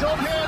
He's up here.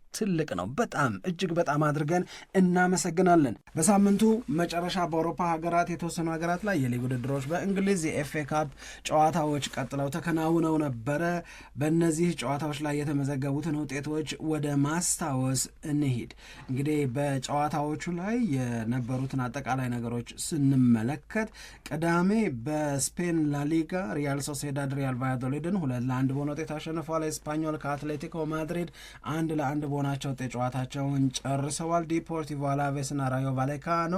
ትልቅ ነው። በጣም እጅግ በጣም አድርገን እናመሰግናለን። በሳምንቱ መጨረሻ በአውሮፓ ሀገራት የተወሰኑ ሀገራት ላይ የሊግ ውድድሮች በእንግሊዝ የኤፍኤ ካፕ ጨዋታዎች ቀጥለው ተከናውነው ነበረ። በእነዚህ ጨዋታዎች ላይ የተመዘገቡትን ውጤቶች ወደ ማስታወስ እንሂድ። እንግዲህ በጨዋታዎቹ ላይ የነበሩትን አጠቃላይ ነገሮች ስንመለከት ቅዳሜ በስፔን ላሊጋ ሪያል ሶሴዳድ ሪያል ቫያዶሊድን ሁለት ለአንድ በሆነ ውጤት አሸንፏል። ስፓኞል ከአትሌቲኮ ማድሪድ አንድ ለአንድ በሆነ በመሆናቸው ጨዋታቸውን ጨርሰዋል። ዲፖርቲቮ አላቬስና ራዮ ቫሌካኖ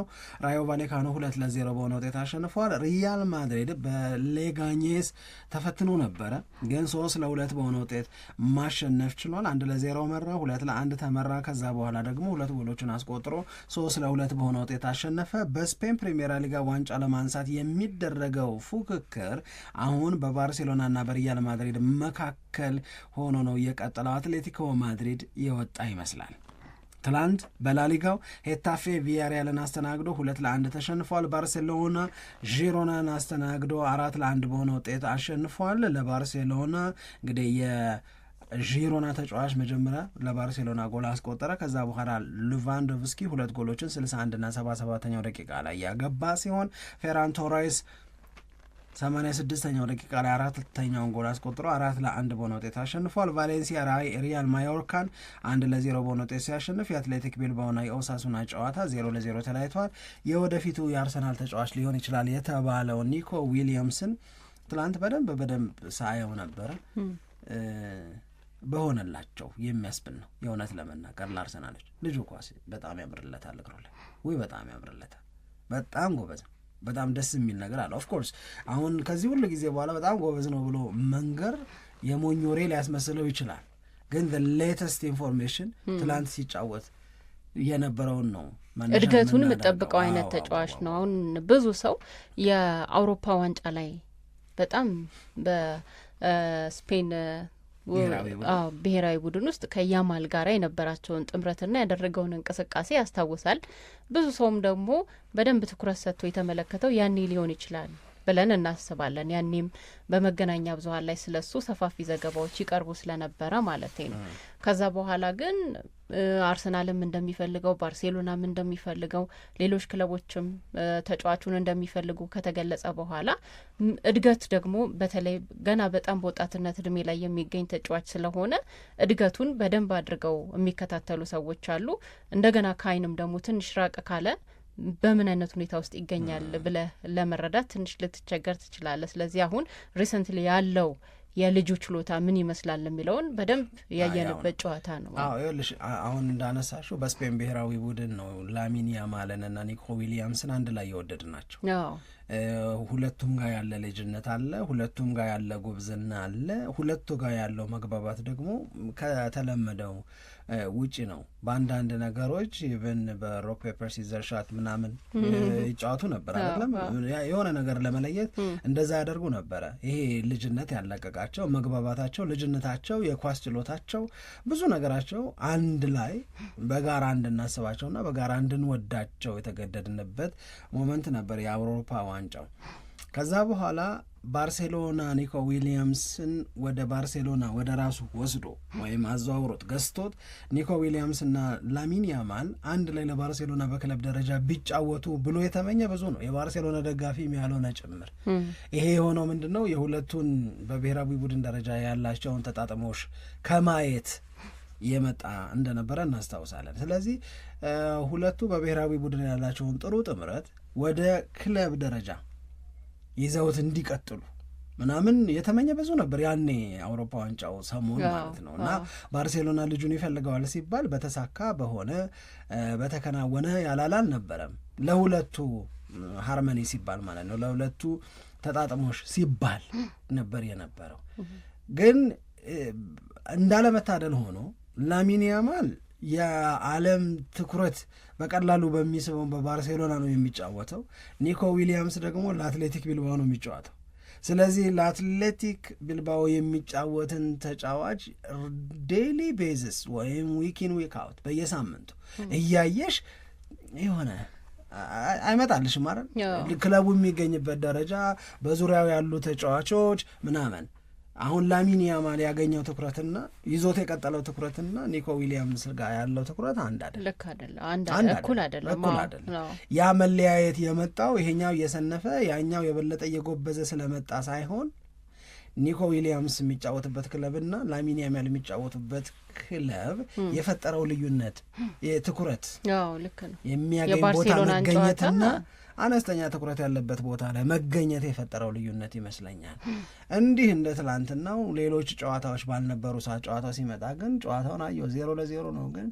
ራዮ ቫሌካኖ ሁለት ለዜሮ በሆነ ውጤት አሸንፏል። ሪያል ማድሪድ በሌጋኔስ ተፈትኖ ነበረ፣ ግን ሶስት ለሁለት በሆነ ውጤት ማሸነፍ ችሏል። አንድ ለዜሮ መራ፣ ሁለት ለአንድ ተመራ። ከዛ በኋላ ደግሞ ሁለት ጎሎችን አስቆጥሮ ሶስት ለሁለት በሆነ ውጤት አሸነፈ። በስፔን ፕሪሚየር ሊጋ ዋንጫ ለማንሳት የሚደረገው ፉክክር አሁን በባርሴሎናና በሪያል ማድሪድ መካከል ሆኖ ነው የቀጠለው። አትሌቲኮ ማድሪድ የወጣ የወጣ ይመስላል። ትላንት በላሊጋው ሄታፌ ቪያሪያልን አስተናግዶ ሁለት ለአንድ ተሸንፏል። ባርሴሎና ዢሮናን አስተናግዶ አራት ለአንድ በሆነ ውጤት አሸንፏል። ለባርሴሎና እንግዲህ ዢሮና ተጫዋች መጀመሪያ ለባርሴሎና ጎል አስቆጠረ። ከዛ በኋላ ሉቫንዶቭስኪ ሁለት ጎሎችን 61ና 77ኛው ደቂቃ ላይ ያገባ ሲሆን ፌራን ቶሬስ 86ኛው ደቂቃ ላይ አራተኛውን ጎል አስቆጥሮ አራት ለአንድ በሆነ ውጤት አሸንፏል። ቫሌንሲያ ሪያል ማዮርካን አንድ ለዜሮ በሆነ ውጤት ሲያሸንፍ የአትሌቲክ ቢልባኦና የኦሳሱና ጨዋታ ዜሮ ለዜሮ ተለያይተዋል። የወደፊቱ የአርሰናል ተጫዋች ሊሆን ይችላል የተባለው ኒኮ ዊሊየምስን ትላንት በደንብ በደንብ ሳየው ነበረ። በሆነላቸው የሚያስብን ነው። የእውነት ለመናገር ለአርሰናሎች ልጁ ኳስ በጣም ያምርለታል፣ እግሩ ላይ ውይ በጣም ያምርለታል። በጣም ጎበዝ ነው። በጣም ደስ የሚል ነገር አለ። ኦፍኮርስ አሁን ከዚህ ሁሉ ጊዜ በኋላ በጣም ጎበዝ ነው ብሎ መንገር የሞኝ ወሬ ሊያስመስለው ይችላል። ግን ሌተስት ኢንፎርሜሽን hmm. ትላንት ሲጫወት የነበረውን ነው። እድገቱን የምጠብቀው አይነት ተጫዋች ነው። አሁን ብዙ ሰው የአውሮፓ ዋንጫ ላይ በጣም በስፔን ብሔራዊ ቡድን ውስጥ ከያማል ጋር የነበራቸውን ጥምረትና ያደረገውን እንቅስቃሴ ያስታውሳል። ብዙ ሰውም ደግሞ በደንብ ትኩረት ሰጥቶ የተመለከተው ያኔ ሊሆን ይችላል። ብለን እናስባለን። ያኔም በመገናኛ ብዙኃን ላይ ስለሱ ሰፋፊ ዘገባዎች ይቀርቡ ስለነበረ ማለት ነው። ከዛ በኋላ ግን አርሰናልም እንደሚፈልገው ባርሴሎናም እንደሚፈልገው ሌሎች ክለቦችም ተጫዋቹን እንደሚፈልጉ ከተገለጸ በኋላ እድገት ደግሞ በተለይ ገና በጣም በወጣትነት እድሜ ላይ የሚገኝ ተጫዋች ስለሆነ እድገቱን በደንብ አድርገው የሚከታተሉ ሰዎች አሉ። እንደገና ከአይንም ደግሞ ትንሽ ራቅ ካለ በምን አይነት ሁኔታ ውስጥ ይገኛል ብለ ለመረዳት ትንሽ ልትቸገር ትችላለ። ስለዚህ አሁን ሪሰንትሊ ያለው የልጁ ችሎታ ምን ይመስላል የሚለውን በደንብ ያየንበት ጨዋታ ነው። አዎ ይኸውልሽ፣ አሁን እንዳነሳሽው በስፔን ብሔራዊ ቡድን ነው ላሚን እና ኒኮ ዊሊያምስን አንድ ላይ የወደድ ናቸው። ሁለቱም ጋር ያለ ልጅነት አለ፣ ሁለቱም ጋር ያለ ጉብዝና አለ። ሁለቱ ጋር ያለው መግባባት ደግሞ ከተለመደው ውጪ ነው። በአንዳንድ ነገሮች ኢቨን በሮክ ፔፐር ሲዘር ሻት ምናምን ይጫወቱ ነበር አይደለም። የሆነ ነገር ለመለየት እንደዛ ያደርጉ ነበረ። ይሄ ልጅነት ያለቀቃቸው መግባባታቸው፣ ልጅነታቸው፣ የኳስ ችሎታቸው፣ ብዙ ነገራቸው አንድ ላይ በጋራ እንድናስባቸውና በጋራ እንድንወዳቸው የተገደድንበት ሞመንት ነበር የአውሮፓ ዋንጫው። ከዛ በኋላ ባርሴሎና ኒኮ ዊሊያምስን ወደ ባርሴሎና ወደ ራሱ ወስዶ ወይም አዘዋውሮት ገዝቶት ኒኮ ዊሊያምስና ላሚን ያማል አንድ ላይ ለባርሴሎና በክለብ ደረጃ ቢጫወቱ ብሎ የተመኘ ብዙ ነው፣ የባርሴሎና ደጋፊም ያልሆነ ጭምር። ይሄ የሆነው ምንድን ነው? የሁለቱን በብሔራዊ ቡድን ደረጃ ያላቸውን ተጣጥሞሽ ከማየት የመጣ እንደነበረ እናስታውሳለን። ስለዚህ ሁለቱ በብሔራዊ ቡድን ያላቸውን ጥሩ ጥምረት ወደ ክለብ ደረጃ ይዘውት እንዲቀጥሉ ምናምን የተመኘ ብዙ ነበር ያኔ አውሮፓ ዋንጫው ሰሞን ማለት ነው። እና ባርሴሎና ልጁን ይፈልገዋል ሲባል በተሳካ በሆነ በተከናወነ ያላል አልነበረም። ለሁለቱ ሃርመኒ ሲባል ማለት ነው፣ ለሁለቱ ተጣጥሞሽ ሲባል ነበር የነበረው። ግን እንዳለመታደል ሆኖ ላሚን ያማል የዓለም ትኩረት በቀላሉ በሚስበው በባርሴሎና ነው የሚጫወተው። ኒኮ ዊሊያምስ ደግሞ ለአትሌቲክ ቢልባው ነው የሚጫወተው። ስለዚህ ለአትሌቲክ ቢልባኦ የሚጫወትን ተጫዋች ዴይሊ ቤዝስ ወይም ዊኪን ዊክ አውት በየሳምንቱ እያየሽ የሆነ አይመጣልሽ ማለት ክለቡ የሚገኝበት ደረጃ፣ በዙሪያው ያሉ ተጫዋቾች ምናምን አሁን ላሚን ያማል ያገኘው ትኩረትና ይዞት የቀጠለው ትኩረትና ኒኮ ዊሊያምስ ጋር ያለው ትኩረት አንድ አይደለም፣ እኩል አይደለም። ያ መለያየት የመጣው ይሄኛው እየሰነፈ ያኛው የበለጠ እየጎበዘ ስለመጣ ሳይሆን ኒኮ ዊሊያምስ የሚጫወትበት ክለብና ላሚን ያማል የሚጫወቱበት ክለብ የፈጠረው ልዩነት ትኩረት የሚያገኝ ቦታ መገኘትና አነስተኛ ትኩረት ያለበት ቦታ ላይ መገኘት የፈጠረው ልዩነት ይመስለኛል። እንዲህ እንደ ትላንትናው ሌሎች ጨዋታዎች ባልነበሩ ሰዓት ጨዋታው ሲመጣ ግን ጨዋታውን አየው፣ ዜሮ ለዜሮ ነው። ግን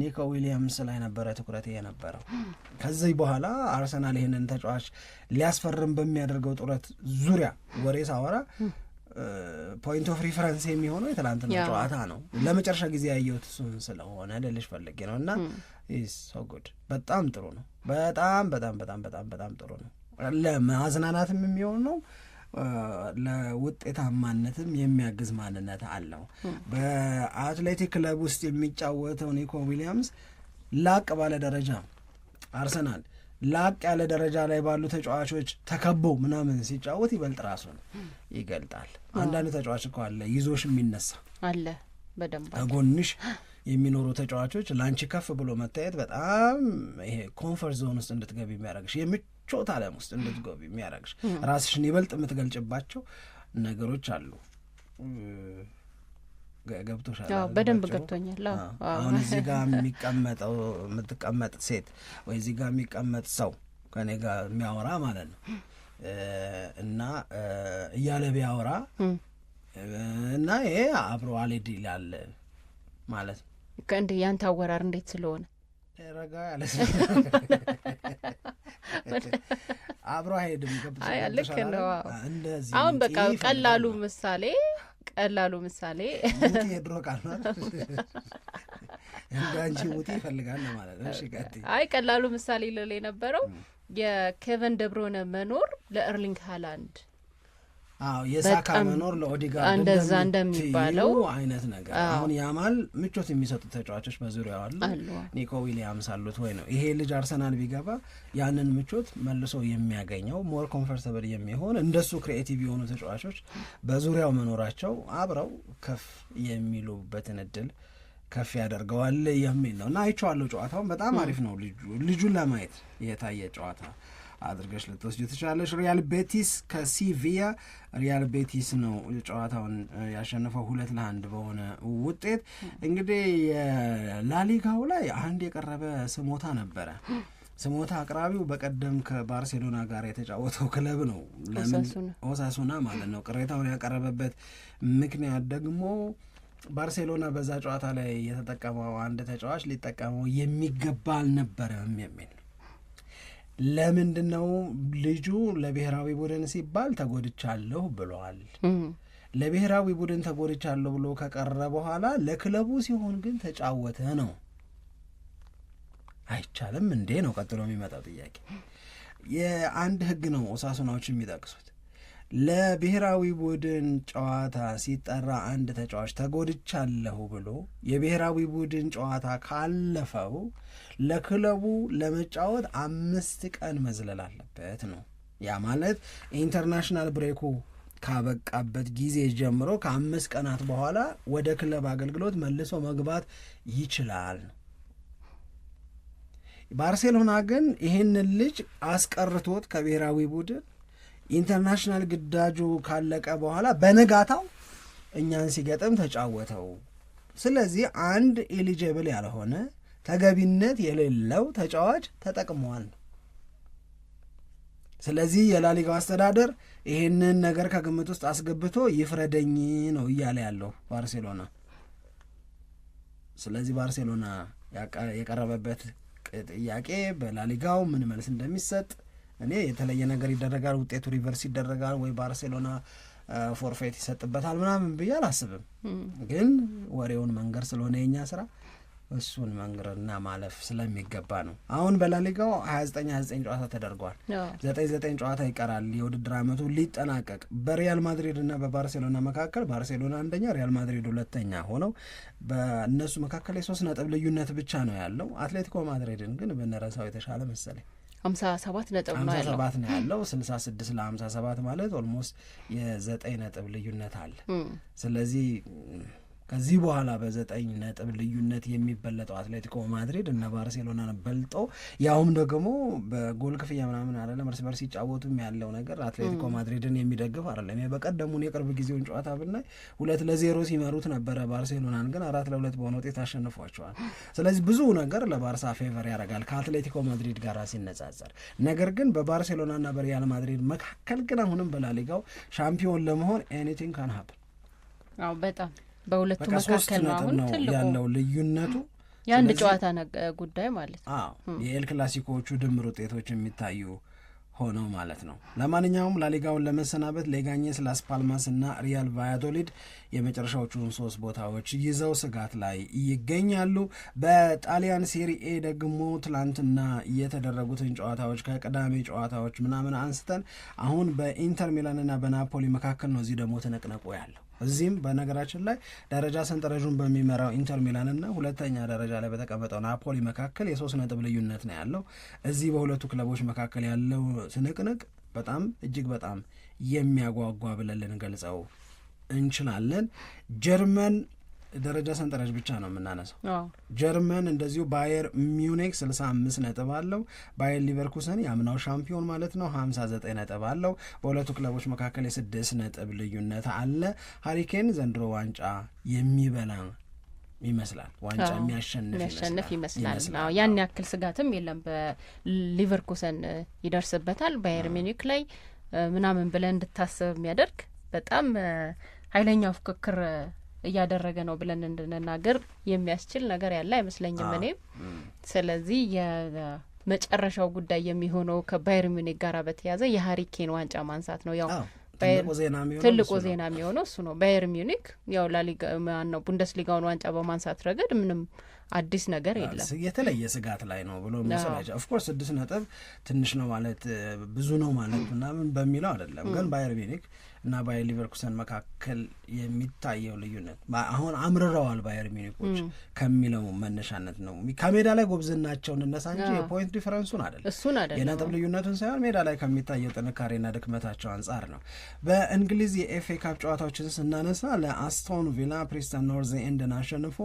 ኒኮ ዊሊያምስ ላይ ነበረ ትኩረት የነበረው። ከዚህ በኋላ አርሰናል ይህንን ተጫዋች ሊያስፈርም በሚያደርገው ጥረት ዙሪያ ወሬ ሳወራ ፖይንት ኦፍ ሪፈረንስ የሚሆነው የትላንትና ጨዋታ ነው። ለመጨረሻ ጊዜ ያየሁት እሱን ስለሆነ ልልሽ ፈልጌ ነው። እና ጉድ በጣም ጥሩ ነው። በጣም በጣም በጣም በጣም በጣም ጥሩ ነው። ለማዝናናትም የሚሆን ነው። ለውጤታማነትም የሚያግዝ ማንነት አለው። በአትሌቲክ ክለብ ውስጥ የሚጫወተው ኒኮ ዊሊያምስ ላቅ ባለ ደረጃ አርሰናል ላቅ ያለ ደረጃ ላይ ባሉ ተጫዋቾች ተከቦ ምናምን ሲጫወት ይበልጥ ራሱን ይገልጣል። አንዳንድ ተጫዋች እኮ አለ ይዞሽ የሚነሳ አለ በደንብ ጎንሽ የሚኖሩ ተጫዋቾች ላንቺ ከፍ ብሎ መታየት በጣም ይሄ ኮንፈርት ዞን ውስጥ እንድትገቢ የሚያደርግሽ የምቾት ዓለም ውስጥ እንድትገቢ የሚያደርግሽ ራስሽን ይበልጥ የምትገልጭባቸው ነገሮች አሉ። ገብቶሻል? በደንብ ገብቶኛል። አሁን እዚህ ጋር የሚቀመጠው የምትቀመጥ ሴት ወይ እዚህ ጋር የሚቀመጥ ሰው ከኔ ጋር የሚያወራ ማለት ነው እና እያለ ቢያወራ እና ይሄ አብሮ አልሄድ ይላል ማለት ነው። ከእንደ ያንተ አወራር እንዴት ስለሆነ ረጋ ያለ አብሮ አይሄድም። ልክ ነው። አሁን በቃ ቀላሉ ምሳሌ ቀላሉ ምሳሌ የድሮ ቃል እንዳንቺ ሙቲ ይፈልጋል ማለት ነው። አይ ቀላሉ ምሳሌ ልል የነበረው የኬቨን ደብሮነ መኖር ለእርሊንግ ሃላንድ የሳካ መኖር ለኦዲጋር እንደዛ እንደሚባለው አይነት ነገር አሁን ያማል ምቾት የሚሰጡ ተጫዋቾች በዙሪያ አሉ። ኒኮ ዊሊያምስ አሉት ወይ ነው ይሄ ልጅ አርሰናል ቢገባ ያንን ምቾት መልሶ የሚያገኘው ሞር ኮንፈርተብል የሚሆን እንደሱ ክሪኤቲቭ የሆኑ ተጫዋቾች በዙሪያው መኖራቸው አብረው ከፍ የሚሉበትን እድል ከፍ ያደርገዋል የሚል ነው እና አይቼዋለሁ። ጨዋታውን በጣም አሪፍ ነው። ልጁን ለማየት የታየ ጨዋታ አድርገሽ ልትወስጅ ትችላለሽ። ሪያል ቤቲስ ከሲቪያ ሪያል ቤቲስ ነው ጨዋታውን ያሸነፈው ሁለት ለአንድ በሆነ ውጤት። እንግዲህ የላሊጋው ላይ አንድ የቀረበ ስሞታ ነበረ። ስሞታ አቅራቢው በቀደም ከባርሴሎና ጋር የተጫወተው ክለብ ነው፣ ኦሳሱና ማለት ነው። ቅሬታውን ያቀረበበት ምክንያት ደግሞ ባርሴሎና በዛ ጨዋታ ላይ የተጠቀመው አንድ ተጫዋች ሊጠቀመው የሚገባ አልነበረም የሚል ለምንድን ነው ልጁ ለብሔራዊ ቡድን ሲባል ተጎድቻለሁ ብሏል። ለብሔራዊ ቡድን ተጎድቻለሁ ብሎ ከቀረ በኋላ ለክለቡ ሲሆን ግን ተጫወተ ነው አይቻልም እንዴ ነው ቀጥሎ የሚመጣው ጥያቄ። የአንድ ህግ ነው ኦሳሱናዎች የሚጠቅሱት ለብሔራዊ ቡድን ጨዋታ ሲጠራ አንድ ተጫዋች ተጎድቻለሁ ብሎ የብሔራዊ ቡድን ጨዋታ ካለፈው ለክለቡ ለመጫወት አምስት ቀን መዝለል አለበት ነው። ያ ማለት ኢንተርናሽናል ብሬኩ ካበቃበት ጊዜ ጀምሮ ከአምስት ቀናት በኋላ ወደ ክለብ አገልግሎት መልሶ መግባት ይችላል ባርሴሎና ግን ይህንን ልጅ አስቀርቶት ከብሔራዊ ቡድን ኢንተርናሽናል ግዳጁ ካለቀ በኋላ በነጋታው እኛን ሲገጥም ተጫወተው። ስለዚህ አንድ ኤሊጀብል ያልሆነ ተገቢነት የሌለው ተጫዋች ተጠቅመዋል ስለዚህ የላሊጋው አስተዳደር ይህንን ነገር ከግምት ውስጥ አስገብቶ ይፍረደኝ ነው እያለ ያለው ባርሴሎና። ስለዚህ ባርሴሎና የቀረበበት ጥያቄ በላሊጋው ምን መልስ እንደሚሰጥ እኔ የተለየ ነገር ይደረጋል፣ ውጤቱ ሪቨርስ ይደረጋል ወይ ባርሴሎና ፎርፌት ይሰጥበታል ምናምን ብዬ አላስብም። ግን ወሬውን መንገር ስለሆነ የኛ ስራ እሱን መንገርና ማለፍ ስለሚገባ ነው። አሁን በላሊጋው ሀያ ዘጠኝ ሀያ ዘጠኝ ጨዋታ ተደርጓል። ዘጠኝ ዘጠኝ ጨዋታ ይቀራል የውድድር ዓመቱ ሊጠናቀቅ በሪያል ማድሪድ በባርሴሎና መካከል ባርሴሎና አንደኛ፣ ሪያል ማድሪድ ሁለተኛ ሆነው በእነሱ መካከል የሶስት ነጥብ ልዩነት ብቻ ነው ያለው። አትሌቲኮ ማድሪድን ግን ብንረሳው የተሻለ መሰለኝ። ሀምሳ ሰባት ነጥብ ነው ያለው ሰባት ነው ያለው ስልሳ ስድስት ለሀምሳ ሰባት ማለት ኦልሞስት የዘጠኝ ነጥብ ልዩነት አለ ስለዚህ ከዚህ በኋላ በዘጠኝ ነጥብ ልዩነት የሚበለጠው አትሌቲኮ ማድሪድ እነ ባርሴሎናን በልጦ ያውም ደግሞ በጎል ክፍያ ምናምን አይደለም እርስ በርስ ሲጫወቱም ያለው ነገር አትሌቲኮ ማድሪድን የሚደግፍ አይደለም። በቀደሙን የቅርብ ጊዜውን ጨዋታ ብናይ ሁለት ለዜሮ ሲመሩት ነበረ። ባርሴሎናን ግን አራት ለሁለት በሆነ ውጤት አሸንፏቸዋል። ስለዚህ ብዙ ነገር ለባርሳ ፌቨር ያደርጋል ከአትሌቲኮ ማድሪድ ጋር ሲነጻጸር። ነገር ግን በባርሴሎናና በሪያል ማድሪድ መካከል ግን አሁንም በላሊጋው ሻምፒዮን ለመሆን ኤኒቲንግ ካን ሀፕን በጣም በሁለቱ መካከል ነው አሁን ትልቁ ያለው ልዩነቱ የአንድ ጨዋታ ጉዳይ ማለት ነው። የኤል ክላሲኮዎቹ ድምር ውጤቶች የሚታዩ ሆነው ማለት ነው። ለማንኛውም ላሊጋውን ለመሰናበት ሌጋኘስ፣ ላስ ፓልማስ እና ሪያል ቫያዶሊድ የመጨረሻዎቹን ሶስት ቦታዎች ይዘው ስጋት ላይ ይገኛሉ። በጣሊያን ሴሪኤ ደግሞ ትላንትና የተደረጉትን ጨዋታዎች ከቅዳሜ ጨዋታዎች ምናምን አንስተን አሁን በኢንተር ሚላን በናፖሊ መካከል ነው። እዚህ ደግሞ ትንቅንቁ ያለው እዚህም በነገራችን ላይ ደረጃ ሰንጠረዡን በሚመራው ኢንተር ሚላን እና ሁለተኛ ደረጃ ላይ በተቀመጠው ናፖሊ መካከል የሶስት ነጥብ ልዩነት ነው ያለው። እዚህ በሁለቱ ክለቦች መካከል ያለው ስንቅንቅ በጣም እጅግ በጣም የሚያጓጓ ብለን ልንገልጸው እንችላለን። ጀርመን ደረጃ ሰንጠረዥ ብቻ ነው የምናነሳው። ጀርመን እንደዚሁ ባየር ሚዩኒክ 65 ነጥብ አለው። ባየር ሊቨርኩሰን የአምናው ሻምፒዮን ማለት ነው 59 ነጥብ አለው። በሁለቱ ክለቦች መካከል የስድስት ነጥብ ልዩነት አለ። ሀሪኬን ዘንድሮ ዋንጫ የሚበላ ይመስላል ዋንጫ የሚያሸንፍ ይመስላል። ያን ያክል ስጋትም የለም። በሊቨርኩሰን ይደርስበታል ባየር ሚኒክ ላይ ምናምን ብለን እንድታስብ የሚያደርግ በጣም ኃይለኛ ፍክክር። እያደረገ ነው ብለን እንድንናገር የሚያስችል ነገር ያለ አይመስለኝም። እኔም ስለዚህ የመጨረሻው ጉዳይ የሚሆነው ከባየር ሚኒክ ጋር በተያዘ የሀሪኬን ዋንጫ ማንሳት ነው ያው ትልቁ ዜና የሚሆነው እሱ ነው። ባየር ሚኒክ ያው ላሊጋ ማነው ቡንደስሊጋውን ዋንጫ በማንሳት ረገድ ምንም አዲስ ነገር የለም። የተለየ ስጋት ላይ ነው ብሎ መሰላቸ ኦፍኮርስ ስድስት ነጥብ ትንሽ ነው ማለት ብዙ ነው ማለት ምናምን በሚለው አይደለም፣ ግን ባየር ሚኒክ እና ባየር ሊቨርኩሰን መካከል የሚታየው ልዩነት አሁን አምርረዋል ባየር ሚኒኮች ከሚለው መነሻነት ነው። ከሜዳ ላይ ጎብዝናቸው እንነሳ እንጂ የፖይንት ዲፈረንሱን አይደለም እሱን አይደለም የነጥብ ልዩነቱን ሳይሆን ሜዳ ላይ ከሚታየው ጥንካሬና ድክመታቸው አንጻር ነው። በእንግሊዝ የኤፍኤ ካፕ ጨዋታዎችን ስናነሳ ለአስቶን ቪላ ፕሪስተን ኖርዝ ኤንድን አሸንፎ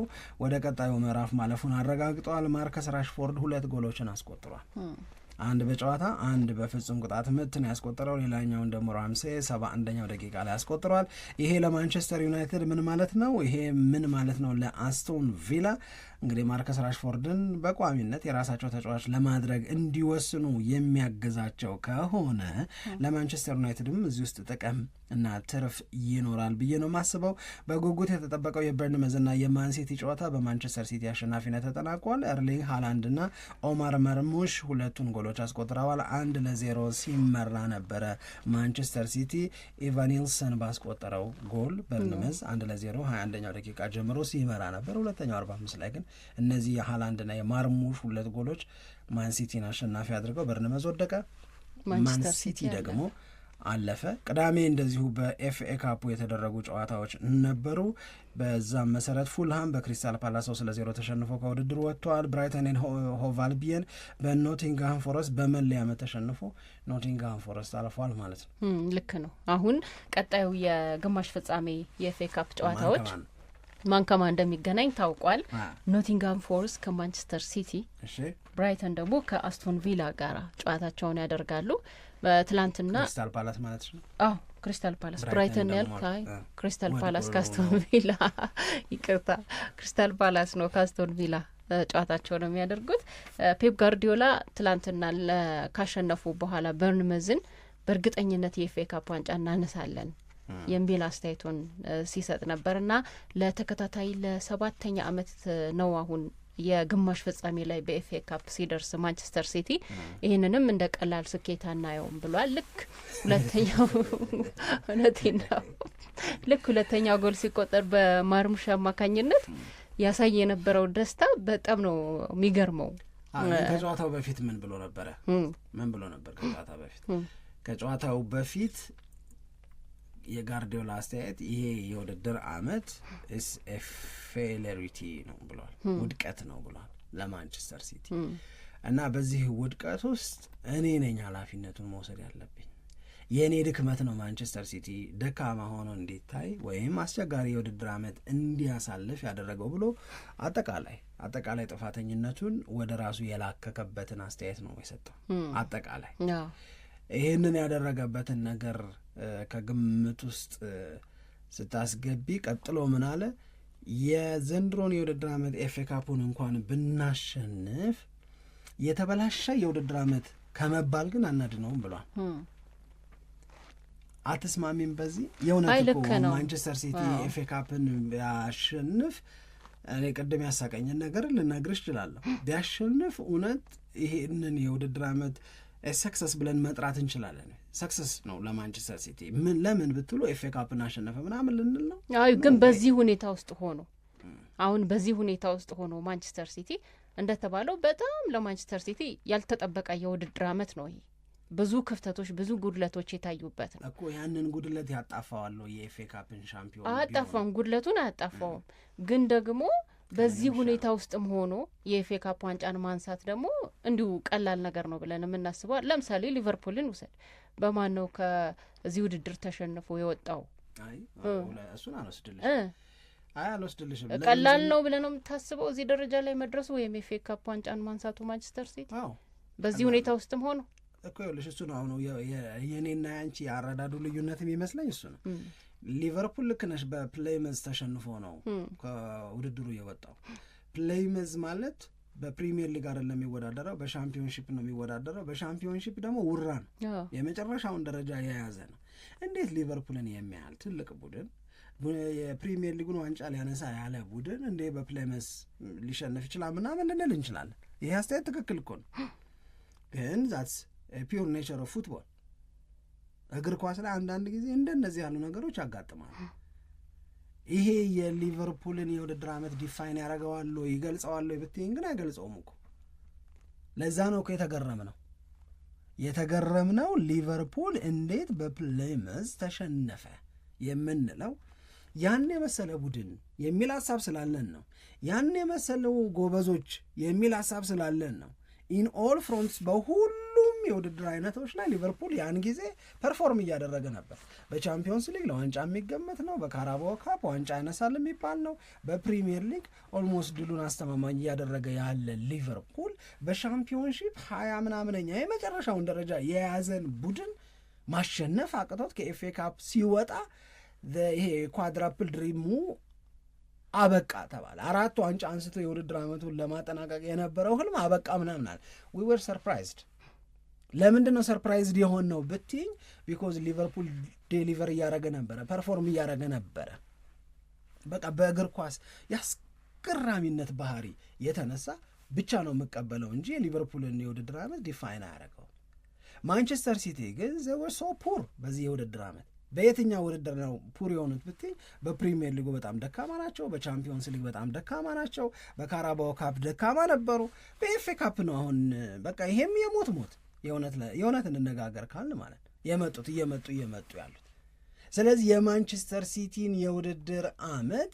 ወደ ቀጣዩ ምዕራፍ ማለፉን አረጋግጠዋል። ማርከስ ራሽፎርድ ሁለት ጎሎችን አስቆጥሯል። አንድ በጨዋታ አንድ በፍጹም ቅጣት ምት ነው ያስቆጠረው። ሌላኛውን ደግሞ ራምሴ ሰባ አንደኛው ደቂቃ ላይ ያስቆጥረዋል። ይሄ ለማንቸስተር ዩናይትድ ምን ማለት ነው? ይሄ ምን ማለት ነው? ለአስቶን ቪላ እንግዲህ ማርከስ ራሽፎርድን በቋሚነት የራሳቸው ተጫዋች ለማድረግ እንዲወስኑ የሚያግዛቸው ከሆነ ለማንቸስተር ዩናይትድም እዚህ ውስጥ ጥቅም እና ትርፍ ይኖራል ብዬ ነው የማስበው። በጉጉት የተጠበቀው መዝና የማንሲቲ ጨዋታ በማንቸስተር ሲቲ አሸናፊነት ተጠናቋል። ኤርሊንግ ሃላንድና ኦማር መርሙሽ ሁለቱን ጎሎች አስቆጥረዋል። አንድ ለዜሮ ሲመራ ነበረ ማንቸስተር ሲቲ ኢቫኒልሰን ባስቆጠረው ጎል በርንመዝ አንድ ለዜሮ 21ኛው ደቂቃ ጀምሮ ሲመራ ነበር። ሁለተኛው 45 ላይ ግን እነዚህ የሃላንድና የማርሙሽ ሁለት ጎሎች ማንሲቲን አሸናፊ አድርገው በርንመዝ ወደቀ፣ ማንሲቲ ደግሞ አለፈ። ቅዳሜ እንደዚሁ በኤፍኤ ካፑ የተደረጉ ጨዋታዎች ነበሩ። በዛም መሰረት ፉልሃም በክሪስታል ፓላስ ሶስት ለዜሮ ተሸንፎ ከውድድሩ ወጥተዋል። ብራይተንን ሆቫልቢየን በኖቲንግሃም ፎረስት በመለያ ምት ተሸንፎ ኖቲንግሃም ፎረስት አልፏል ማለት ነው። ልክ ነው። አሁን ቀጣዩ የግማሽ ፍጻሜ የኤፍኤ ካፕ ጨዋታዎች ማን እንደሚገናኝ ታውቋል። ኖቲንጋም ፎረስት ከማንቸስተር ሲቲ፣ ብራይተን ደግሞ ከአስቶን ቪላ ጋር ጨዋታቸውን ያደርጋሉ። ትላንትና ክሪስታል ፓላስ ማለት ነው። አዎ ክሪስታል ፓላስ ብራይተን ያልኩት ክሪስታል ፓላስ ከአስቶን ቪላ ይቅርታ፣ ክሪስታል ፓላስ ነው ከአስቶን ቪላ ጨዋታቸው ነው የሚያደርጉት። ፔፕ ጋርዲዮላ ትላንትና ካሸነፉ በኋላ በርንመዝን በእርግጠኝነት የኤፍኤ ካፕ ዋንጫ እናነሳለን የሚል አስተያየቱን ሲሰጥ ነበር እና ለተከታታይ ለሰባተኛ አመት ነው አሁን የግማሽ ፍጻሜ ላይ በኤፍኤ ካፕ ሲደርስ ማንቸስተር ሲቲ ይህንንም እንደ ቀላል ስኬት አናየውም ብሏል። ልክ ሁለተኛው እውነቴ ነው። ልክ ሁለተኛው ጎል ሲቆጠር በማርሙሽ አማካኝነት ያሳይ የነበረው ደስታ በጣም ነው የሚገርመው። ከጨዋታው በፊት ምን ብሎ ነበረ? ምን ብሎ ነበር? ከጨዋታ በፊት ከጨዋታው በፊት የጋርዲዮላ አስተያየት ይሄ የውድድር አመት ስ ኤ ፌለሪቲ ነው ብሏል፣ ውድቀት ነው ብሏል ለማንቸስተር ሲቲ እና በዚህ ውድቀት ውስጥ እኔ ነኝ ኃላፊነቱን መውሰድ ያለብኝ የእኔ ድክመት ነው ማንቸስተር ሲቲ ደካማ ሆኖ እንዲታይ ወይም አስቸጋሪ የውድድር ዓመት እንዲያሳልፍ ያደረገው ብሎ አጠቃላይ አጠቃላይ ጥፋተኝነቱን ወደ ራሱ የላከከበትን አስተያየት ነው የሰጠው። አጠቃላይ ይህንን ያደረገበትን ነገር ከግምት ውስጥ ስታስገቢ ቀጥሎ ምን አለ? የዘንድሮን የውድድር ዓመት ኤፍ ካፑን እንኳን ብናሸንፍ የተበላሸ የውድድር ዓመት ከመባል ግን አናድነውም ብሏል። አትስማሚም? በዚህ የእውነት እኮ ማንቸስተር ሲቲ ኤፍ ካፕን ቢያሸንፍ እኔ ቅድም ያሳቀኝን ነገር ልነግርሽ እችላለሁ። ቢያሸንፍ እውነት ይሄንን የውድድር ዓመት ሰክሰስ ብለን መጥራት እንችላለን። ሰክሰስ ነው ለማንቸስተር ሲቲ። ምን ለምን ብትሉ ኤፍ ካፕን አሸነፈ ምናምን ልንል ነው። አይ ግን በዚህ ሁኔታ ውስጥ ሆኖ አሁን በዚህ ሁኔታ ውስጥ ሆኖ ማንቸስተር ሲቲ እንደተባለው በጣም ለማንቸስተር ሲቲ ያልተጠበቀ የውድድር አመት ነው ይሄ። ብዙ ክፍተቶች፣ ብዙ ጉድለቶች የታዩበት ነው እኮ። ያንን ጉድለት ያጣፋዋለሁ የኤፍ ካፕን ሻምፒዮን አያጣፋውም፣ ጉድለቱን አያጣፋውም። ግን ደግሞ በዚህ ሁኔታ ውስጥም ሆኖ የኤፍኤ ካፕ ዋንጫን ማንሳት ደግሞ እንዲሁ ቀላል ነገር ነው ብለን የምናስበዋል። ለምሳሌ ሊቨርፑልን ውሰድ። በማን ነው ከዚህ ውድድር ተሸንፎ የወጣው? እሱን አይ አልወስድልሽም። ቀላል ነው ብለን ነው የምታስበው እዚህ ደረጃ ላይ መድረሱ ወይም የኤፍኤ ካፕ ዋንጫን ማንሳቱ ማንቸስተር ሲቲ በዚህ ሁኔታ ውስጥም ሆኖ እኮ ይኸውልሽ፣ እሱ ነው አሁኑ የእኔና ያንቺ የአረዳዱ ልዩነት የሚመስለኝ እሱ ነው። ሊቨርፑል ልክ ነሽ። በፕሌይመዝ ተሸንፎ ነው ከውድድሩ የወጣው። ፕሌይመዝ ማለት በፕሪሚየር ሊግ አይደለም የሚወዳደረው፣ በሻምፒዮንሺፕ ነው የሚወዳደረው። በሻምፒዮንሺፕ ደግሞ ውራ ነው፣ የመጨረሻውን ደረጃ የያዘ ነው። እንዴት ሊቨርፑልን የሚያህል ትልቅ ቡድን የፕሪሚየር ሊጉን ዋንጫ ሊያነሳ ያለ ቡድን እንዴ በፕሌመስ ሊሸነፍ ይችላል? ምናምን ልንል እንችላለን። ይሄ አስተያየት ትክክል እኮ ነው፣ ግን ዛትስ ፒውር ኔቸር ኦፍ ፉትቦል እግር ኳስ ላይ አንዳንድ ጊዜ እንደነዚህ ያሉ ነገሮች ያጋጥማሉ። ይሄ የሊቨርፑልን የውድድር ዓመት ዲፋይን ያደርገዋል ይገልጸዋል ብትይኝ ግን አይገልጸውም እኮ ለዛ ነው እኮ የተገረም ነው የተገረም ነው ሊቨርፑል እንዴት በፕሌመዝ ተሸነፈ የምንለው ያን የመሰለ ቡድን የሚል ሀሳብ ስላለን ነው። ያን የመሰለው ጎበዞች የሚል ሀሳብ ስላለን ነው። ኢን ኦል ፍሮንትስ በሁሉ የውድድር አይነቶች ላይ ሊቨርፑል ያን ጊዜ ፐርፎርም እያደረገ ነበር። በቻምፒዮንስ ሊግ ለዋንጫ የሚገመት ነው። በካራባኦ ካፕ ዋንጫ ያነሳል የሚባል ነው። በፕሪሚየር ሊግ ኦልሞስት ድሉን አስተማማኝ እያደረገ ያለ ሊቨርፑል በሻምፒዮንሺፕ ሀያ ምናምነኛ የመጨረሻውን ደረጃ የያዘን ቡድን ማሸነፍ አቅቶት ከኤፍኤ ካፕ ሲወጣ ይሄ ኳድራፕል ድሪሙ አበቃ ተባለ። አራት ዋንጫ አንስቶ የውድድር ዓመቱን ለማጠናቀቅ የነበረው ህልም አበቃ ምናምናል ዊ ወር ሰርፕራይዝድ ለምንድን ነው ሰርፕራይዝድ የሆን ነው ብትኝ፣ ቢኮዝ ሊቨርፑል ዴሊቨር እያደረገ ነበረ፣ ፐርፎርም እያደረገ ነበረ። በቃ በእግር ኳስ የአስገራሚነት ባህሪ የተነሳ ብቻ ነው የምቀበለው እንጂ የሊቨርፑልን የውድድር ዓመት ዲፋይን አያደረገው። ማንቸስተር ሲቲ ግን ዘወር ሶ ፑር በዚህ የውድድር ዓመት በየትኛው ውድድር ነው ፑር የሆኑት ብትኝ፣ በፕሪሚየር ሊጉ በጣም ደካማ ናቸው፣ በቻምፒዮንስ ሊግ በጣም ደካማ ናቸው፣ በካራባው ካፕ ደካማ ነበሩ፣ በኤፌ ካፕ ነው አሁን በቃ ይሄም የሞት ሞት የእውነት የእውነት እንነጋገር ካል ማለት የመጡት እየመጡ እየመጡ ያሉት ስለዚህ የማንቸስተር ሲቲን የውድድር አመት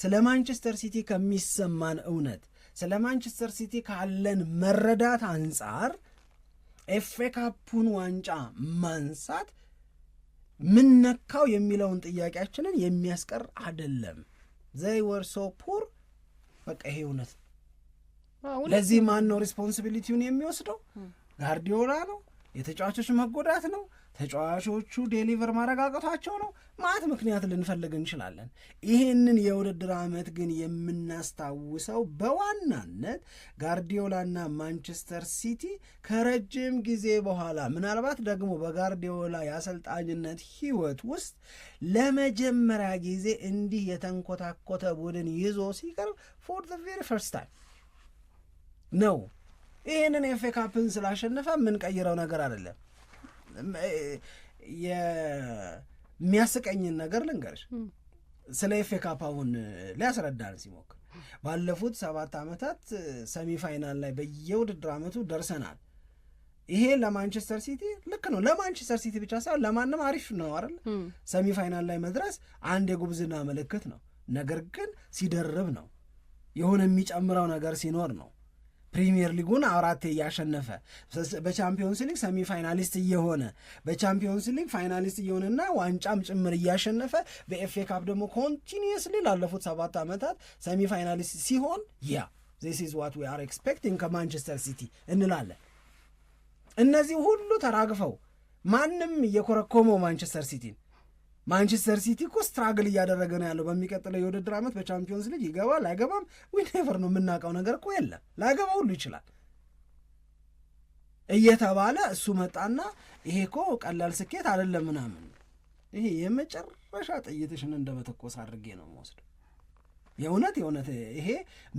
ስለ ማንቸስተር ሲቲ ከሚሰማን እውነት ስለ ማንቸስተር ሲቲ ካለን መረዳት አንጻር ኤፌ ካፑን ዋንጫ ማንሳት ምን ነካው የሚለውን ጥያቄያችንን የሚያስቀር አይደለም። ዘይ ወር ሶ ፑር በቃ ይሄ እውነት። ለዚህ ማን ነው ሪስፖንሲቢሊቲውን የሚወስደው? ጋርዲዮላ ነው? የተጫዋቾች መጎዳት ነው? ተጫዋቾቹ ዴሊቨር ማረጋገቷቸው ነው? ማት ምክንያት ልንፈልግ እንችላለን። ይህንን የውድድር ዓመት ግን የምናስታውሰው በዋናነት ጋርዲዮላና ማንቸስተር ሲቲ ከረጅም ጊዜ በኋላ ምናልባት ደግሞ በጋርዲዮላ የአሰልጣኝነት ሕይወት ውስጥ ለመጀመሪያ ጊዜ እንዲህ የተንኮታኮተ ቡድን ይዞ ሲቀርብ ፎር ዘ ቬሪ ፈርስት ታይም ነው። ይህንን ኤፍ ኤ ካፕን ስላሸነፈ የምንቀይረው ነገር አይደለም። የሚያስቀኝን ነገር ልንገርሽ ስለ ኤፍ ኤ ካፕ አሁን ሊያስረዳን ሲሞክር ባለፉት ሰባት ዓመታት ሰሚ ፋይናል ላይ በየውድድር ዓመቱ ደርሰናል። ይሄ ለማንቸስተር ሲቲ ልክ ነው። ለማንቸስተር ሲቲ ብቻ ሳይሆን ለማንም አሪፍ ነው አይደል? ሰሚ ፋይናል ላይ መድረስ አንድ የጉብዝና ምልክት ነው። ነገር ግን ሲደርብ ነው የሆነ የሚጨምረው ነገር ሲኖር ነው ፕሪሚየር ሊጉን አራቴ እያሸነፈ በቻምፒዮንስ ሊግ ሰሚ ፋይናሊስት እየሆነ በቻምፒዮንስ ሊግ ፋይናሊስት እየሆነና ዋንጫም ጭምር እያሸነፈ በኤፍ ካፕ ደግሞ ኮንቲኒየስሊ ላለፉት ሰባት ዓመታት ሰሚ ፋይናሊስት ሲሆን ያ ዚስ ኢዝ ዋት ዊ አር ኤክስፔክቲንግ ከማንቸስተር ሲቲ እንላለን። እነዚህ ሁሉ ተራግፈው ማንም እየኮረኮመው ማንቸስተር ሲቲን ማንቸስተር ሲቲ እኮ ስትራግል እያደረገ ነው ያለው። በሚቀጥለው የውድድር ዓመት በቻምፒዮንስ ሊግ ይገባል አይገባም፣ ዊኔቨር ነው የምናውቀው ነገር እኮ የለም። ላይገባ ሁሉ ይችላል እየተባለ እሱ መጣና ይሄ እኮ ቀላል ስኬት አይደለም ምናምን። ይሄ የመጨረሻ ጥይትሽን እንደ መተኮስ አድርጌ ነው የምወስደው። የእውነት የእውነት ይሄ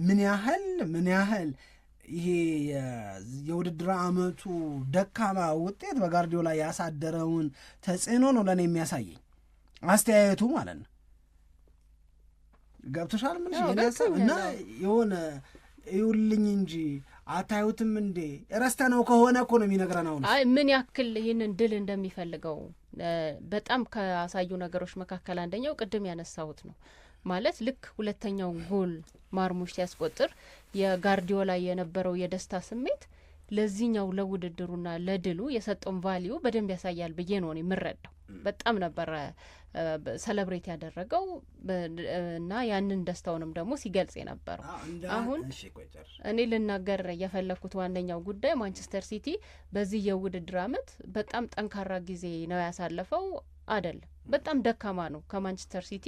ምን ያህል ምን ያህል ይሄ የውድድር ዓመቱ ደካማ ውጤት በጋርዲዮላ ያሳደረውን ተጽዕኖ ነው ለእኔ የሚያሳየኝ። አስተያየቱ ማለት ነው። ገብቶሻል? ምን እና የሆነ ይውልኝ እንጂ አታዩትም እንዴ? ረስተ ነው ከሆነ እኮ ነው የሚነግረን። አይ ምን ያክል ይህንን ድል እንደሚፈልገው በጣም ካሳዩ ነገሮች መካከል አንደኛው ቅድም ያነሳሁት ነው ማለት ልክ ሁለተኛው ጎል ማርሙሽ ሲያስቆጥር የጋርዲዮላ የነበረው የደስታ ስሜት ለዚህኛው ለውድድሩና ለድሉ የሰጠውን ቫሊዩ በደንብ ያሳያል ብዬ ነው እኔ የምረዳው። በጣም ነበረ ሰለብሬት ያደረገው እና ያንን ደስታውንም ደግሞ ሲገልጽ የነበረው። አሁን እኔ ልናገር የፈለግኩት ዋነኛው ጉዳይ ማንቸስተር ሲቲ በዚህ የውድድር አመት በጣም ጠንካራ ጊዜ ነው ያሳለፈው አይደለም። በጣም ደካማ ነው። ከማንቸስተር ሲቲ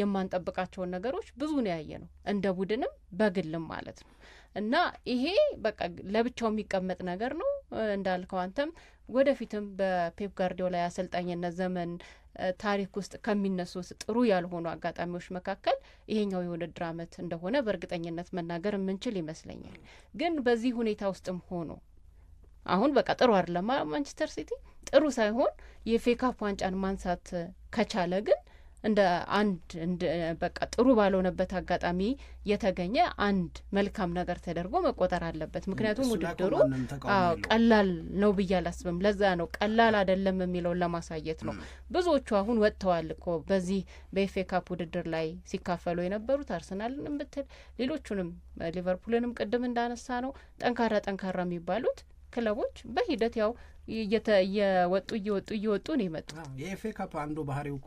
የማንጠብቃቸውን ነገሮች ብዙ ነው ያየ ነው፣ እንደ ቡድንም በግልም ማለት ነው። እና ይሄ በቃ ለብቻው የሚቀመጥ ነገር ነው እንዳልከው አንተም ወደፊትም በፔፕ ጋርዲዮላ የአሰልጣኝነት ዘመን ታሪክ ውስጥ ከሚነሱት ጥሩ ያልሆኑ አጋጣሚዎች መካከል ይሄኛው የውድድር ዓመት እንደሆነ በእርግጠኝነት መናገር የምንችል ይመስለኛል። ግን በዚህ ሁኔታ ውስጥም ሆኖ አሁን በቃ ጥሩ አይደለም ማንቸስተር ሲቲ ጥሩ ሳይሆን የፌካፕ ዋንጫን ማንሳት ከቻለ ግን እንደ አንድ በቃ ጥሩ ባልሆነበት አጋጣሚ የተገኘ አንድ መልካም ነገር ተደርጎ መቆጠር አለበት። ምክንያቱም ውድድሩ ቀላል ነው ብዬ አላስብም። ለዛ ነው ቀላል አይደለም የሚለውን ለማሳየት ነው። ብዙዎቹ አሁን ወጥተዋል እኮ በዚህ በኤፌ ካፕ ውድድር ላይ ሲካፈሉ የነበሩት አርሰናልን ብትል ሌሎቹንም ሊቨርፑልንም ቅድም እንዳነሳ ነው ጠንካራ ጠንካራ የሚባሉት ክለቦች በሂደት ያው እየወጡ እየወጡ እየወጡ ነው የመጡት። የኤፍ ኤ ካፕ አንዱ ባህሪው እኮ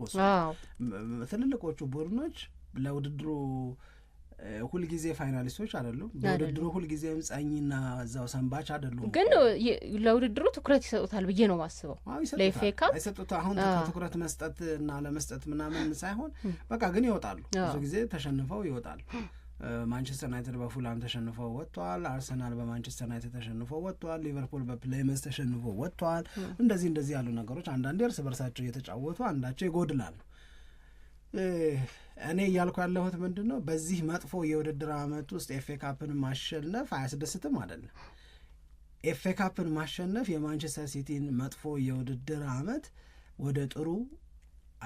ትልልቆቹ ቡድኖች ለውድድሩ ሁልጊዜ ፋይናሊስቶች አይደሉም። ለውድድሩ ሁልጊዜም ጸኝና እዛው ሰንባች አይደሉም። ግን ለውድድሩ ትኩረት ይሰጡታል ብዬ ነው ማስበው። ለኤፍ ኤ ካፕ አሁን ትኩረት መስጠት እና ለመስጠት ምናምን ሳይሆን በቃ ግን ይወጣሉ። ብዙ ጊዜ ተሸንፈው ይወጣሉ። ማንቸስተር ዩናይትድ በፉላም ተሸንፎ ወጥቷል። አርሰናል በማንቸስተር ዩናይትድ ተሸንፎ ወጥቷል። ሊቨርፑል በፕሌመስ ተሸንፎ ወጥቷል። እንደዚህ እንደዚህ ያሉ ነገሮች አንዳንዴ እርስ በርሳቸው እየተጫወቱ አንዳቸው ይጎድላሉ። እኔ እያልኩ ያለሁት ምንድን ነው፣ በዚህ መጥፎ የውድድር አመት ውስጥ ኤፌ ካፕን ማሸነፍ አያስደስትም አይደለም። ኤፌ ካፕን ማሸነፍ የማንቸስተር ሲቲን መጥፎ የውድድር አመት ወደ ጥሩ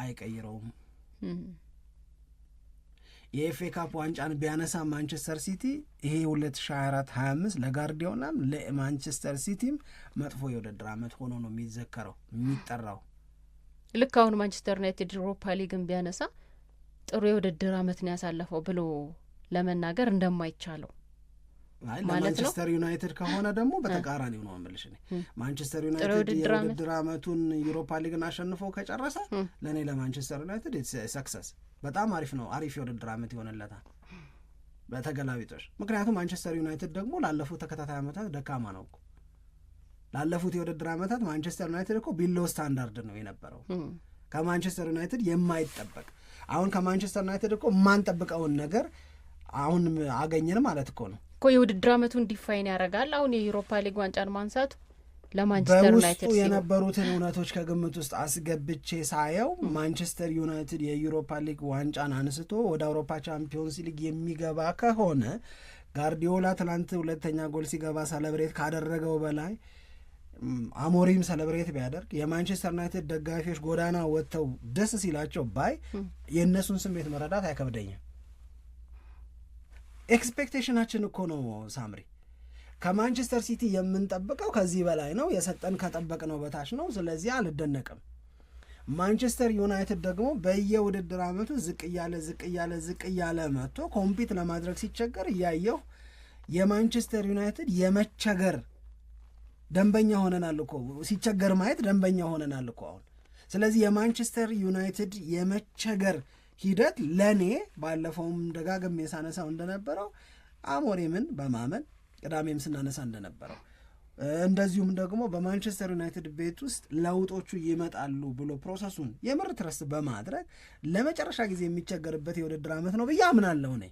አይቀይረውም። የኤፍኤ ካፕ ዋንጫን ቢያነሳ ማንቸስተር ሲቲ ይሄ 2024/25 ለጋርዲዮላም ለማንቸስተር ሲቲም መጥፎ የውድድር ዓመት ሆኖ ነው የሚዘከረው የሚጠራው። ልክ አሁን ማንቸስተር ዩናይትድ ዩሮፓ ሊግን ቢያነሳ ጥሩ የውድድር አመት ነው ያሳለፈው ብሎ ለመናገር እንደማይቻለው ለማንቸስተር ዩናይትድ ከሆነ ደግሞ በተቃራኒው ነው የምልሽ። እኔ ማንቸስተር ዩናይትድ የውድድር ዩሮፓ ሊግን አሸንፎ ከጨረሰ ለእኔ ለማንቸስተር ዩናይትድ ሰክሰስ በጣም አሪፍ ነው፣ አሪፍ የውድድር ዓመት ይሆንለታል በተገላቢጦች። ምክንያቱም ማንቸስተር ዩናይትድ ደግሞ ላለፉት ተከታታይ ዓመታት ደካማ ነው እኮ ላለፉት የውድድር ዓመታት ማንቸስተር ዩናይትድ እኮ ቢሎ ስታንዳርድ ነው የነበረው ከማንቸስተር ዩናይትድ የማይጠበቅ አሁን ከማንቸስተር ዩናይትድ እኮ የማንጠብቀውን ነገር አሁን አገኘን ማለት እኮ ነው እኮ የውድድር አመቱ እንዲፋይን ያደርጋል። አሁን የዩሮፓ ሊግ ዋንጫን ማንሳቱ ለማንቸስተር ዩናይትድ የነበሩትን እውነቶች ከግምት ውስጥ አስገብቼ ሳየው ማንቸስተር ዩናይትድ የዩሮፓ ሊግ ዋንጫን አንስቶ ወደ አውሮፓ ቻምፒዮንስ ሊግ የሚገባ ከሆነ ጋርዲዮላ ትናንት ሁለተኛ ጎል ሲገባ ሰለብሬት ካደረገው በላይ አሞሪም ሰለብሬት ቢያደርግ የማንቸስተር ዩናይትድ ደጋፊዎች ጎዳና ወጥተው ደስ ሲላቸው ባይ የእነሱን ስሜት መረዳት አይከብደኝም። ኤክስፔክቴሽናችን እኮ ነው ሳምሪ ከማንቸስተር ሲቲ የምንጠብቀው ከዚህ በላይ ነው። የሰጠን ነው በታች ነው። ስለዚህ አልደነቅም። ማንቸስተር ዩናይትድ ደግሞ በየውድድር አመቱ ዝቅ እያለ ዝቅ እያለ ዝቅ እያለ መጥቶ ኮምፒት ለማድረግ ሲቸገር እያየሁ የማንቸስተር ዩናይትድ የመቸገር ደንበኛ ሆነናል እኮ ሲቸገር ማየት ደንበኛ ሆነናል እኮ አሁን። ስለዚህ የማንቸስተር ዩናይትድ የመቸገር ሂደት ለእኔ ባለፈውም ደጋግሜ ሳነሳው እንደነበረው አሞሪምን በማመን ቅዳሜም ስናነሳ እንደነበረው እንደዚሁም ደግሞ በማንቸስተር ዩናይትድ ቤት ውስጥ ለውጦቹ ይመጣሉ ብሎ ፕሮሰሱን የምር ትረስ በማድረግ ለመጨረሻ ጊዜ የሚቸገርበት የውድድር ዓመት ነው ብዬ አምናለሁ። እኔ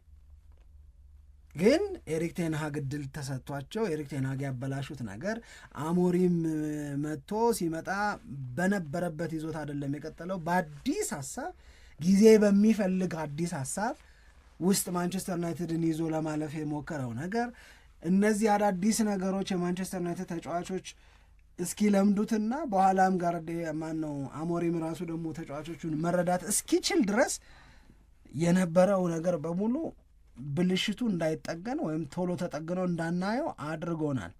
ግን ኤሪክ ቴንሃግ እድል ተሰጥቷቸው ኤሪክ ቴንሃግ ያበላሹት ነገር አሞሪም መጥቶ ሲመጣ በነበረበት ይዞት አይደለም የቀጠለው በአዲስ ሀሳብ ጊዜ በሚፈልግ አዲስ ሀሳብ ውስጥ ማንቸስተር ዩናይትድን ይዞ ለማለፍ የሞከረው ነገር እነዚህ አዳዲስ ነገሮች የማንቸስተር ዩናይትድ ተጫዋቾች ለምዱትና በኋላም ጋር ማን ነው አሞሪም ራሱ ደግሞ ተጫዋቾቹን መረዳት እስኪችል ድረስ የነበረው ነገር በሙሉ ብልሽቱ እንዳይጠገን ወይም ቶሎ ተጠግኖ እንዳናየው አድርጎናል።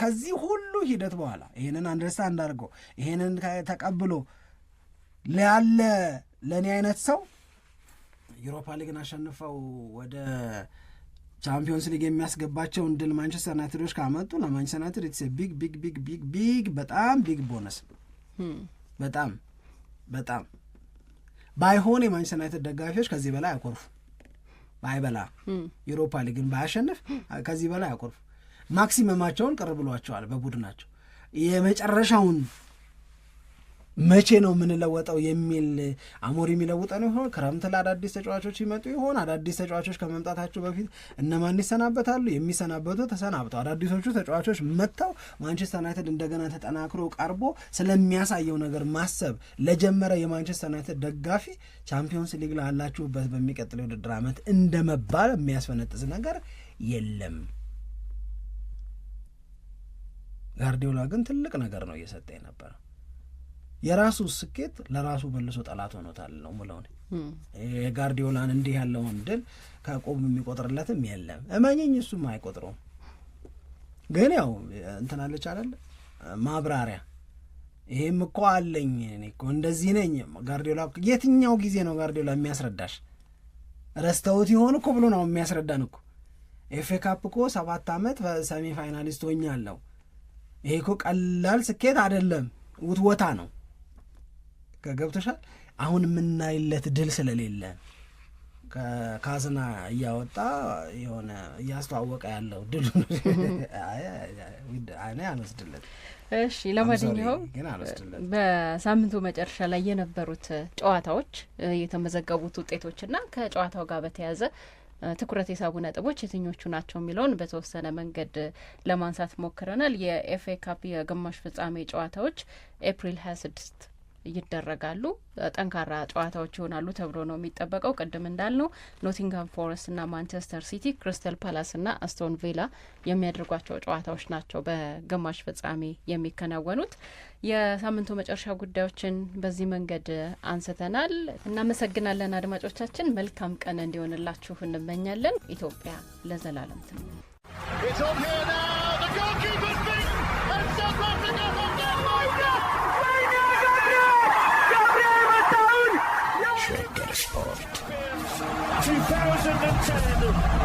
ከዚህ ሁሉ ሂደት በኋላ ይህንን አንደርስታንድ አድርጎ ይህንን ተቀብሎ ያለ ለእኔ አይነት ሰው ዩሮፓ ሊግን አሸንፈው ወደ ቻምፒዮንስ ሊግ የሚያስገባቸውን እንድል ማንቸስተር ዩናይትዶች ካመጡ ለማንቸስተር ዩናይትድ ኢትስ ቢግ ቢግ ቢግ ቢግ ቢግ በጣም ቢግ ቦነስ hmm. በጣም በጣም ባይሆን የማንቸስተር ዩናይትድ ደጋፊዎች ከዚህ በላይ አያኮርፉ ባይበላ hmm. ዩሮፓ ሊግን ባያሸንፍ ከዚህ በላይ አያኮርፉ ማክሲመማቸውን ቅር ብሏቸዋል በቡድናቸው የመጨረሻውን መቼ ነው የምንለወጠው የሚል አሞሪም ይለውጠን ይሆን? ክረምት ለአዳዲስ ተጫዋቾች ይመጡ ይሆን? አዳዲስ ተጫዋቾች ከመምጣታቸው በፊት እነማን ይሰናበታሉ? የሚሰናበቱ ተሰናብተው አዳዲሶቹ ተጫዋቾች መጥተው ማንቸስተር ዩናይትድ እንደገና ተጠናክሮ ቀርቦ ስለሚያሳየው ነገር ማሰብ ለጀመረ የማንቸስተር ዩናይትድ ደጋፊ ቻምፒዮንስ ሊግ ላላችሁበት በሚቀጥለው የውድድር ዓመት እንደመባል የሚያስፈነጥስ ነገር የለም። ጋርዲዮላ ግን ትልቅ ነገር ነው እየሰጠ የነበረው። የራሱ ስኬት ለራሱ መልሶ ጠላት ሆኖታል ነው ምለው። የጋርዲዮላን እንዲህ ያለውን ድል ከቆም የሚቆጥርለትም የለም እመኝኝ፣ እሱም አይቆጥረውም። ግን ያው እንትናለች አለ ማብራሪያ ይሄም እኮ አለኝ እኔ እኮ እንደዚህ ነኝ። ጋርዲዮላ የትኛው ጊዜ ነው ጋርዲዮላ የሚያስረዳሽ? ረስተውት ይሆን እኮ ብሎ ነው የሚያስረዳን እኮ። ኤፌ ካፕ እኮ ሰባት ዓመት ሰሚ ፋይናሊስት ሆኛለሁ። ይሄ እኮ ቀላል ስኬት አይደለም፣ ውትወታ ነው ገብቶሻል። አሁን የምናይለት ድል ስለሌለ ከካዝና እያወጣ የሆነ እያስተዋወቀ ያለው ድል አልወስድለት። እሺ፣ ለማንኛውም በሳምንቱ መጨረሻ ላይ የነበሩት ጨዋታዎች የተመዘገቡት ውጤቶችና ከጨዋታው ጋር በተያያዘ ትኩረት የሳቡ ነጥቦች የትኞቹ ናቸው የሚለውን በተወሰነ መንገድ ለማንሳት ሞክረናል። የኤፍኤ ካፕ የግማሽ ፍጻሜ ጨዋታዎች ኤፕሪል ሀያ ስድስት ይደረጋሉ። ጠንካራ ጨዋታዎች ይሆናሉ ተብሎ ነው የሚጠበቀው። ቅድም እንዳልነው ኖቲንግሃም ፎረስት ማንቸስተር ሲቲ፣ ክሪስተል ፓላስ እና አስቶን ቪላ የሚያደርጓቸው ጨዋታዎች ናቸው በግማሽ ፍጻሜ የሚከናወኑት። የሳምንቱ መጨረሻ ጉዳዮችን በዚህ መንገድ አንስተናል። እናመሰግናለን አድማጮቻችን። መልካም ቀን እንዲሆንላችሁ እንመኛለን። ኢትዮጵያ ለዘላለም ትኑር። 2010